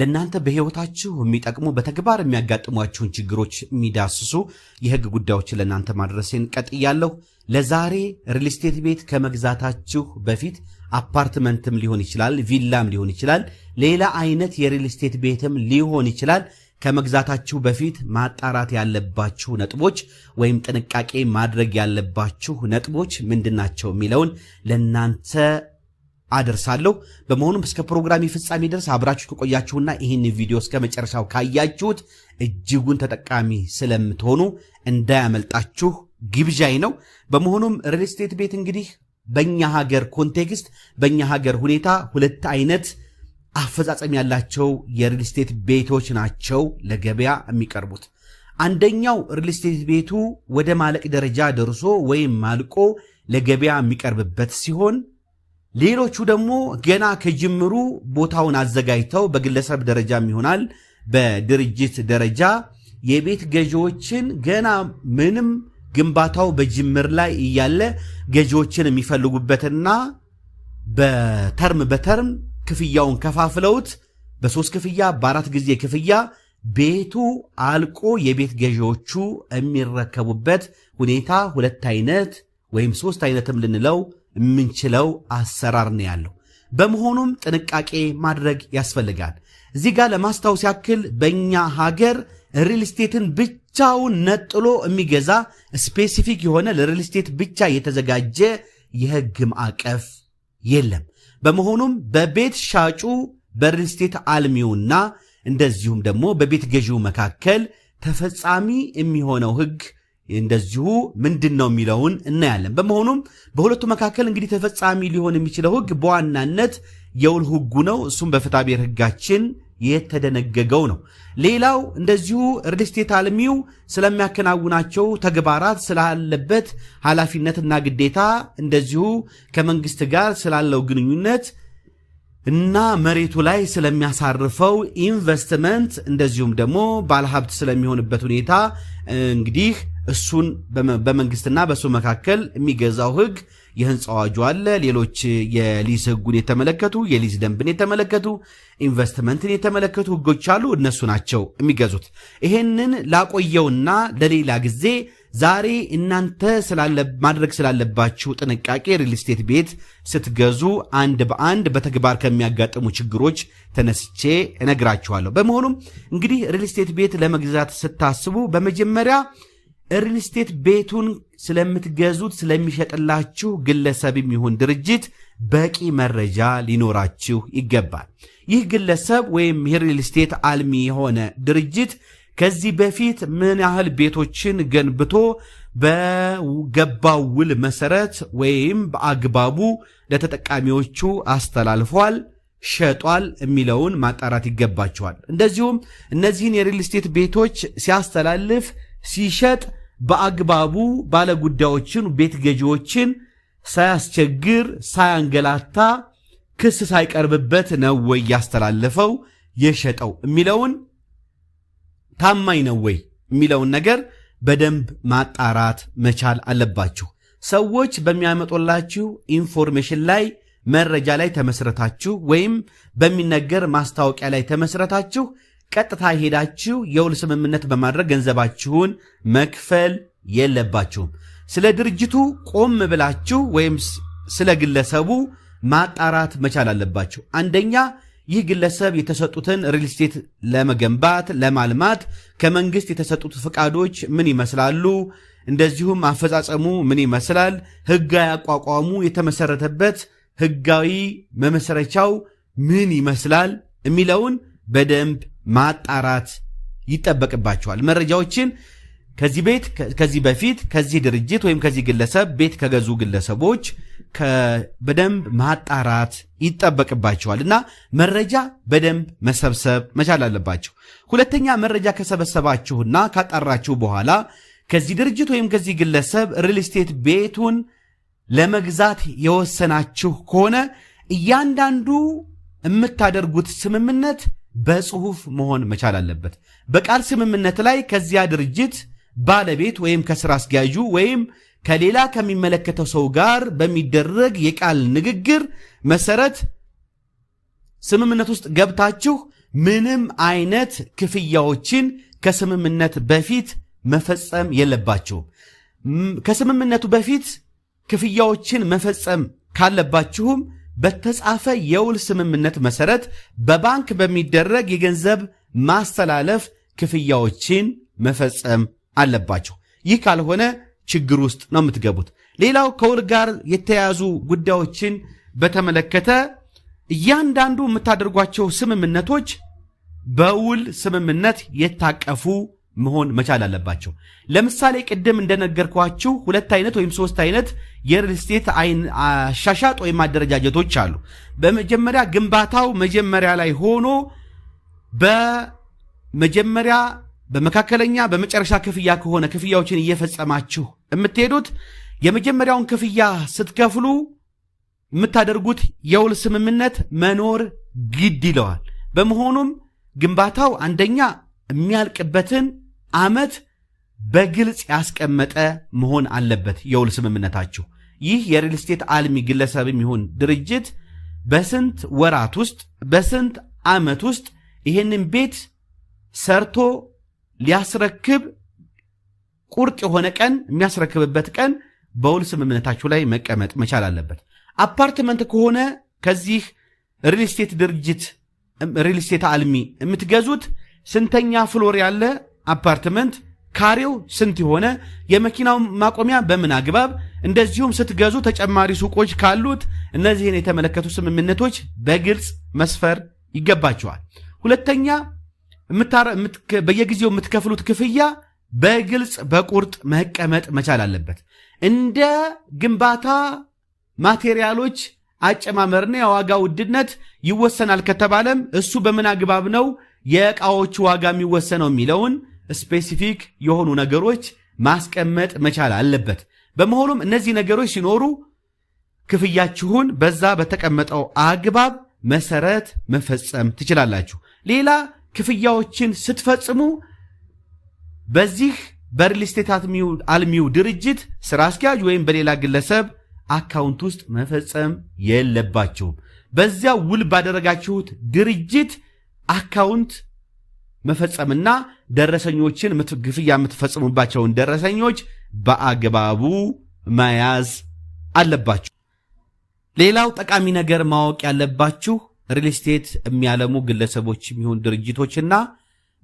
ለእናንተ በሕይወታችሁ የሚጠቅሙ በተግባር የሚያጋጥሟችሁን ችግሮች የሚዳስሱ የሕግ ጉዳዮችን ለእናንተ ማድረሴን ቀጥያለሁ። ለዛሬ ሪል ስቴት ቤት ከመግዛታችሁ በፊት አፓርትመንትም ሊሆን ይችላል፣ ቪላም ሊሆን ይችላል፣ ሌላ አይነት የሪል ስቴት ቤትም ሊሆን ይችላል። ከመግዛታችሁ በፊት ማጣራት ያለባችሁ ነጥቦች ወይም ጥንቃቄ ማድረግ ያለባችሁ ነጥቦች ምንድናቸው የሚለውን ለእናንተ አደርሳለሁ። በመሆኑም እስከ ፕሮግራሚ ፍጻሜ ድረስ አብራችሁ ከቆያችሁና ይህን ቪዲዮ እስከ መጨረሻው ካያችሁት እጅጉን ተጠቃሚ ስለምትሆኑ እንዳያመልጣችሁ ግብዣይ ነው። በመሆኑም ሪል ስቴት ቤት እንግዲህ በእኛ ሀገር ኮንቴክስት በእኛ ሀገር ሁኔታ ሁለት አይነት አፈጻጸም ያላቸው የሪል ስቴት ቤቶች ናቸው ለገበያ የሚቀርቡት። አንደኛው ሪል ስቴት ቤቱ ወደ ማለቅ ደረጃ ደርሶ ወይም ማልቆ ለገበያ የሚቀርብበት ሲሆን ሌሎቹ ደግሞ ገና ከጅምሩ ቦታውን አዘጋጅተው በግለሰብ ደረጃም ይሆናል በድርጅት ደረጃ የቤት ገዢዎችን ገና ምንም ግንባታው በጅምር ላይ እያለ ገዢዎችን የሚፈልጉበትና በተርም በተርም ክፍያውን ከፋፍለውት በሶስት ክፍያ በአራት ጊዜ ክፍያ ቤቱ አልቆ የቤት ገዢዎቹ የሚረከቡበት ሁኔታ ሁለት አይነት ወይም ሶስት አይነትም ልንለው የምንችለው አሰራር ነው ያለው። በመሆኑም ጥንቃቄ ማድረግ ያስፈልጋል። እዚህ ጋር ለማስታወስ ያክል በእኛ ሀገር ሪል ስቴትን ብቻውን ነጥሎ የሚገዛ ስፔሲፊክ የሆነ ለሪል ስቴት ብቻ የተዘጋጀ የህግ ማዕቀፍ የለም። በመሆኑም በቤት ሻጩ በሪል ስቴት አልሚውና እንደዚሁም ደግሞ በቤት ገዢው መካከል ተፈጻሚ የሚሆነው ህግ እንደዚሁ ምንድን ነው የሚለውን እናያለን። በመሆኑም በሁለቱ መካከል እንግዲህ ተፈጻሚ ሊሆን የሚችለው ህግ በዋናነት የውል ህጉ ነው። እሱም በፍትሐብሔር ህጋችን የተደነገገው ነው። ሌላው እንደዚሁ ሪልስቴት አልሚው ስለሚያከናውናቸው ተግባራት ስላለበት ኃላፊነትና ግዴታ እንደዚሁ ከመንግስት ጋር ስላለው ግንኙነት እና መሬቱ ላይ ስለሚያሳርፈው ኢንቨስትመንት እንደዚሁም ደግሞ ባለሀብት ስለሚሆንበት ሁኔታ እንግዲህ እሱን በመንግስትና በእሱ መካከል የሚገዛው ህግ የህንፃ አዋጁ አለ። ሌሎች የሊዝ ህጉን የተመለከቱ የሊዝ ደንብን የተመለከቱ ኢንቨስትመንትን የተመለከቱ ህጎች አሉ። እነሱ ናቸው የሚገዙት። ይሄንን ላቆየውና ለሌላ ጊዜ ዛሬ እናንተ ማድረግ ስላለባችሁ ጥንቃቄ ሪል ስቴት ቤት ስትገዙ አንድ በአንድ በተግባር ከሚያጋጥሙ ችግሮች ተነስቼ እነግራችኋለሁ። በመሆኑም እንግዲህ ሪል ስቴት ቤት ለመግዛት ስታስቡ በመጀመሪያ ሪልስቴት ቤቱን ስለምትገዙት ስለሚሸጥላችሁ ግለሰብም ይሁን ድርጅት በቂ መረጃ ሊኖራችሁ ይገባል። ይህ ግለሰብ ወይም ይህ ሪልስቴት አልሚ የሆነ ድርጅት ከዚህ በፊት ምን ያህል ቤቶችን ገንብቶ በገባው ውል መሰረት ወይም በአግባቡ ለተጠቃሚዎቹ አስተላልፏል ሸጧል የሚለውን ማጣራት ይገባቸዋል። እንደዚሁም እነዚህን የሪልስቴት ቤቶች ሲያስተላልፍ ሲሸጥ በአግባቡ ባለጉዳዮችን፣ ቤት ገዢዎችን ሳያስቸግር ሳያንገላታ ክስ ሳይቀርብበት ነው ወይ ያስተላለፈው የሸጠው የሚለውን ታማኝ ነው ወይ የሚለውን ነገር በደንብ ማጣራት መቻል አለባችሁ። ሰዎች በሚያመጡላችሁ ኢንፎርሜሽን ላይ መረጃ ላይ ተመስረታችሁ ወይም በሚነገር ማስታወቂያ ላይ ተመስረታችሁ ቀጥታ ሄዳችሁ የውል ስምምነት በማድረግ ገንዘባችሁን መክፈል የለባችሁም። ስለ ድርጅቱ ቆም ብላችሁ ወይም ስለ ግለሰቡ ማጣራት መቻል አለባችሁ። አንደኛ ይህ ግለሰብ የተሰጡትን ሪል ስቴት ለመገንባት ለማልማት ከመንግስት የተሰጡት ፈቃዶች ምን ይመስላሉ? እንደዚሁም አፈጻጸሙ ምን ይመስላል? ህጋዊ አቋቋሙ የተመሰረተበት ህጋዊ መመሰረቻው ምን ይመስላል የሚለውን በደንብ ማጣራት ይጠበቅባቸዋል። መረጃዎችን ከዚህ ቤት ከዚህ በፊት ከዚህ ድርጅት ወይም ከዚህ ግለሰብ ቤት ከገዙ ግለሰቦች በደንብ ማጣራት ይጠበቅባቸዋል እና መረጃ በደንብ መሰብሰብ መቻል አለባቸው። ሁለተኛ መረጃ ከሰበሰባችሁና ካጣራችሁ በኋላ ከዚህ ድርጅት ወይም ከዚህ ግለሰብ ሪል ስቴት ቤቱን ለመግዛት የወሰናችሁ ከሆነ እያንዳንዱ የምታደርጉት ስምምነት በጽሁፍ መሆን መቻል አለበት። በቃል ስምምነት ላይ ከዚያ ድርጅት ባለቤት ወይም ከስራ አስኪያጁ ወይም ከሌላ ከሚመለከተው ሰው ጋር በሚደረግ የቃል ንግግር መሰረት ስምምነት ውስጥ ገብታችሁ ምንም አይነት ክፍያዎችን ከስምምነት በፊት መፈጸም የለባችሁም። ከስምምነቱ በፊት ክፍያዎችን መፈጸም ካለባችሁም በተጻፈ የውል ስምምነት መሰረት በባንክ በሚደረግ የገንዘብ ማስተላለፍ ክፍያዎችን መፈጸም አለባቸው። ይህ ካልሆነ ችግር ውስጥ ነው የምትገቡት። ሌላው ከውል ጋር የተያያዙ ጉዳዮችን በተመለከተ እያንዳንዱ የምታደርጓቸው ስምምነቶች በውል ስምምነት የታቀፉ መሆን መቻል አለባቸው። ለምሳሌ ቅድም እንደነገርኳችሁ ሁለት አይነት ወይም ሶስት አይነት የሪል ስቴት አሻሻጥ ወይም አደረጃጀቶች አሉ። በመጀመሪያ ግንባታው መጀመሪያ ላይ ሆኖ በመጀመሪያ በመካከለኛ በመጨረሻ ክፍያ ከሆነ ክፍያዎችን እየፈጸማችሁ የምትሄዱት የመጀመሪያውን ክፍያ ስትከፍሉ የምታደርጉት የውል ስምምነት መኖር ግድ ይለዋል። በመሆኑም ግንባታው አንደኛ የሚያልቅበትን ዓመት በግልጽ ያስቀመጠ መሆን አለበት የውል ስምምነታችሁ። ይህ የሪል ስቴት አልሚ ግለሰብ የሚሆን ድርጅት በስንት ወራት ውስጥ በስንት ዓመት ውስጥ ይህንን ቤት ሰርቶ ሊያስረክብ ቁርጥ የሆነ ቀን የሚያስረክብበት ቀን በውል ስምምነታችሁ ላይ መቀመጥ መቻል አለበት። አፓርትመንት ከሆነ ከዚህ ሪል ስቴት ድርጅት ሪል ስቴት አልሚ የምትገዙት ስንተኛ ፍሎር ያለ አፓርትመንት ካሬው ስንት የሆነ የመኪናው ማቆሚያ በምን አግባብ እንደዚሁም ስትገዙ ተጨማሪ ሱቆች ካሉት እነዚህን የተመለከቱ ስምምነቶች በግልጽ መስፈር ይገባቸዋል። ሁለተኛ በየጊዜው የምትከፍሉት ክፍያ በግልጽ በቁርጥ መቀመጥ መቻል አለበት። እንደ ግንባታ ማቴሪያሎች አጨማመርና የዋጋ ውድነት ይወሰናል ከተባለም እሱ በምን አግባብ ነው የእቃዎቹ ዋጋ የሚወሰነው የሚለውን ስፔሲፊክ የሆኑ ነገሮች ማስቀመጥ መቻል አለበት። በመሆኑም እነዚህ ነገሮች ሲኖሩ ክፍያችሁን በዛ በተቀመጠው አግባብ መሰረት መፈጸም ትችላላችሁ። ሌላ ክፍያዎችን ስትፈጽሙ በዚህ በሪልስቴት አልሚው ድርጅት ስራ አስኪያጅ ወይም በሌላ ግለሰብ አካውንት ውስጥ መፈጸም የለባቸውም። በዚያ ውል ባደረጋችሁት ድርጅት አካውንት መፈጸምና ደረሰኞችን ግፍያ የምትፈጽሙባቸውን ደረሰኞች በአግባቡ መያዝ አለባችሁ። ሌላው ጠቃሚ ነገር ማወቅ ያለባችሁ ሪል ስቴት የሚያለሙ ግለሰቦች የሚሆን ድርጅቶችና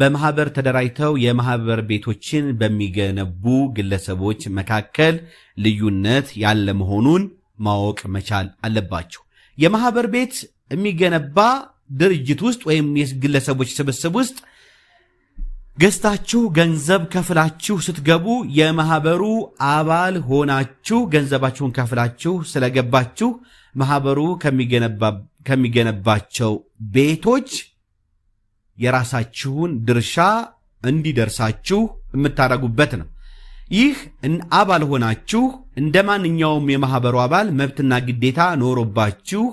በማህበር ተደራጅተው የማህበር ቤቶችን በሚገነቡ ግለሰቦች መካከል ልዩነት ያለ መሆኑን ማወቅ መቻል አለባችሁ። የማህበር ቤት የሚገነባ ድርጅት ውስጥ ወይም የግለሰቦች ስብስብ ውስጥ ገዝታችሁ ገንዘብ ከፍላችሁ ስትገቡ የማህበሩ አባል ሆናችሁ ገንዘባችሁን ከፍላችሁ ስለገባችሁ ማህበሩ ከሚገነባቸው ቤቶች የራሳችሁን ድርሻ እንዲደርሳችሁ የምታደርጉበት ነው። ይህ አባል ሆናችሁ እንደ ማንኛውም የማህበሩ አባል መብትና ግዴታ ኖሮባችሁ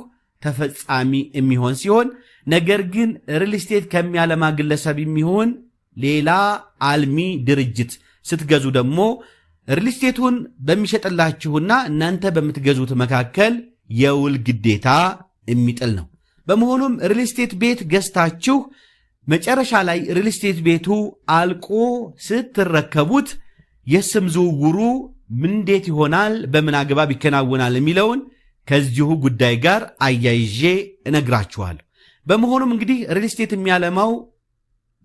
ተፈጻሚ የሚሆን ሲሆን ነገር ግን ሪል ስቴት ከሚያለማ ግለሰብ የሚሆን ሌላ አልሚ ድርጅት ስትገዙ ደግሞ ሪልስቴቱን በሚሸጥላችሁና እናንተ በምትገዙት መካከል የውል ግዴታ የሚጥል ነው። በመሆኑም ሪልስቴት ቤት ገዝታችሁ መጨረሻ ላይ ሪልስቴት ቤቱ አልቆ ስትረከቡት የስም ዝውውሩ እንዴት ይሆናል፣ በምን አግባብ ይከናወናል የሚለውን ከዚሁ ጉዳይ ጋር አያይዤ እነግራችኋለሁ። በመሆኑም እንግዲህ ሪልስቴት የሚያለማው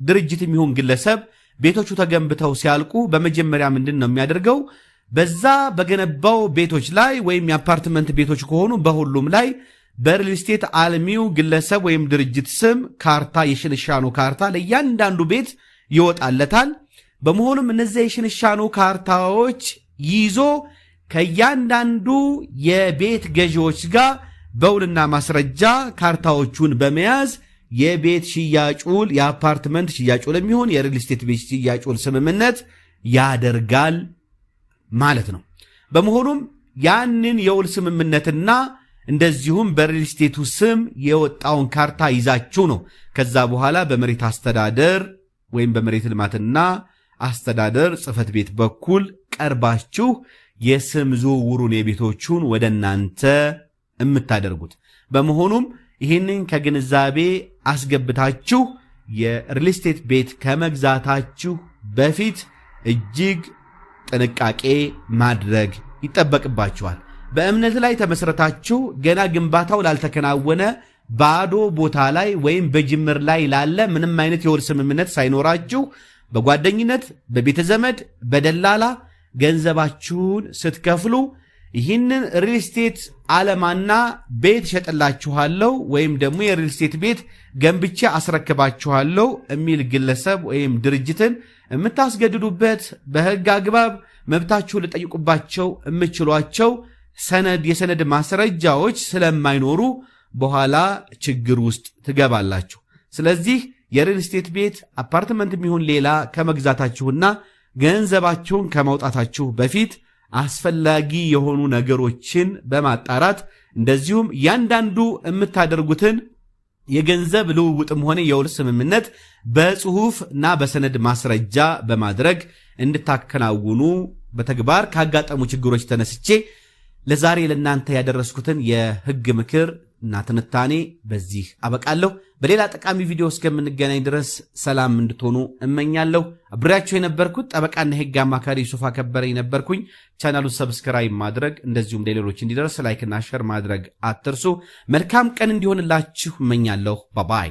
ድርጅት የሚሆን ግለሰብ ቤቶቹ ተገንብተው ሲያልቁ በመጀመሪያ ምንድን ነው የሚያደርገው? በዛ በገነባው ቤቶች ላይ ወይም የአፓርትመንት ቤቶች ከሆኑ በሁሉም ላይ በሪልስቴት አልሚው ግለሰብ ወይም ድርጅት ስም ካርታ የሽንሻኖ ካርታ ለእያንዳንዱ ቤት ይወጣለታል። በመሆኑም እነዚያ የሽንሻኖ ካርታዎች ይዞ ከእያንዳንዱ የቤት ገዢዎች ጋር በውልና ማስረጃ ካርታዎቹን በመያዝ የቤት ሽያጩ የአፓርትመንት ሽያጩ የሚሆን የሪል ስቴት ቤት ሽያጩን ስምምነት ያደርጋል ማለት ነው። በመሆኑም ያንን የውል ስምምነትና እንደዚሁም በሪል ስቴቱ ስም የወጣውን ካርታ ይዛችሁ ነው ከዛ በኋላ በመሬት አስተዳደር ወይም በመሬት ልማትና አስተዳደር ጽሕፈት ቤት በኩል ቀርባችሁ የስም ዝውውሩን የቤቶቹን ወደ እናንተ የምታደርጉት በመሆኑም ይህንን ከግንዛቤ አስገብታችሁ የሪልስቴት ቤት ከመግዛታችሁ በፊት እጅግ ጥንቃቄ ማድረግ ይጠበቅባችኋል። በእምነት ላይ ተመስረታችሁ ገና ግንባታው ላልተከናወነ ባዶ ቦታ ላይ ወይም በጅምር ላይ ላለ ምንም አይነት የውል ስምምነት ሳይኖራችሁ በጓደኝነት፣ በቤተ ዘመድ፣ በደላላ ገንዘባችሁን ስትከፍሉ ይህንን ሪል ስቴት አለማና ቤት ሸጥላችኋለሁ ወይም ደግሞ የሪል ስቴት ቤት ገንብቼ አስረክባችኋለሁ የሚል ግለሰብ ወይም ድርጅትን የምታስገድዱበት በህግ አግባብ መብታችሁን ልጠይቁባቸው የምችሏቸው ሰነድ የሰነድ ማስረጃዎች ስለማይኖሩ በኋላ ችግር ውስጥ ትገባላችሁ። ስለዚህ የሪል ስቴት ቤት አፓርትመንት የሚሆን ሌላ ከመግዛታችሁና ገንዘባችሁን ከማውጣታችሁ በፊት አስፈላጊ የሆኑ ነገሮችን በማጣራት እንደዚሁም ያንዳንዱ የምታደርጉትን የገንዘብ ልውውጥም ሆነ የውል ስምምነት በጽሁፍ እና በሰነድ ማስረጃ በማድረግ እንድታከናውኑ በተግባር ካጋጠሙ ችግሮች ተነስቼ ለዛሬ ለእናንተ ያደረስኩትን የህግ ምክር እና ትንታኔ በዚህ አበቃለሁ። በሌላ ጠቃሚ ቪዲዮ እስከምንገናኝ ድረስ ሰላም እንድትሆኑ እመኛለሁ። አብሬያችሁ የነበርኩት ጠበቃና የሕግ አማካሪ ዩሱፍ ከበረ የነበርኩኝ ቻናሉን ሰብስክራይብ ማድረግ እንደዚሁም ለሌሎች እንዲደርስ ላይክና ሸር ማድረግ አትርሱ። መልካም ቀን እንዲሆንላችሁ እመኛለሁ። ባባይ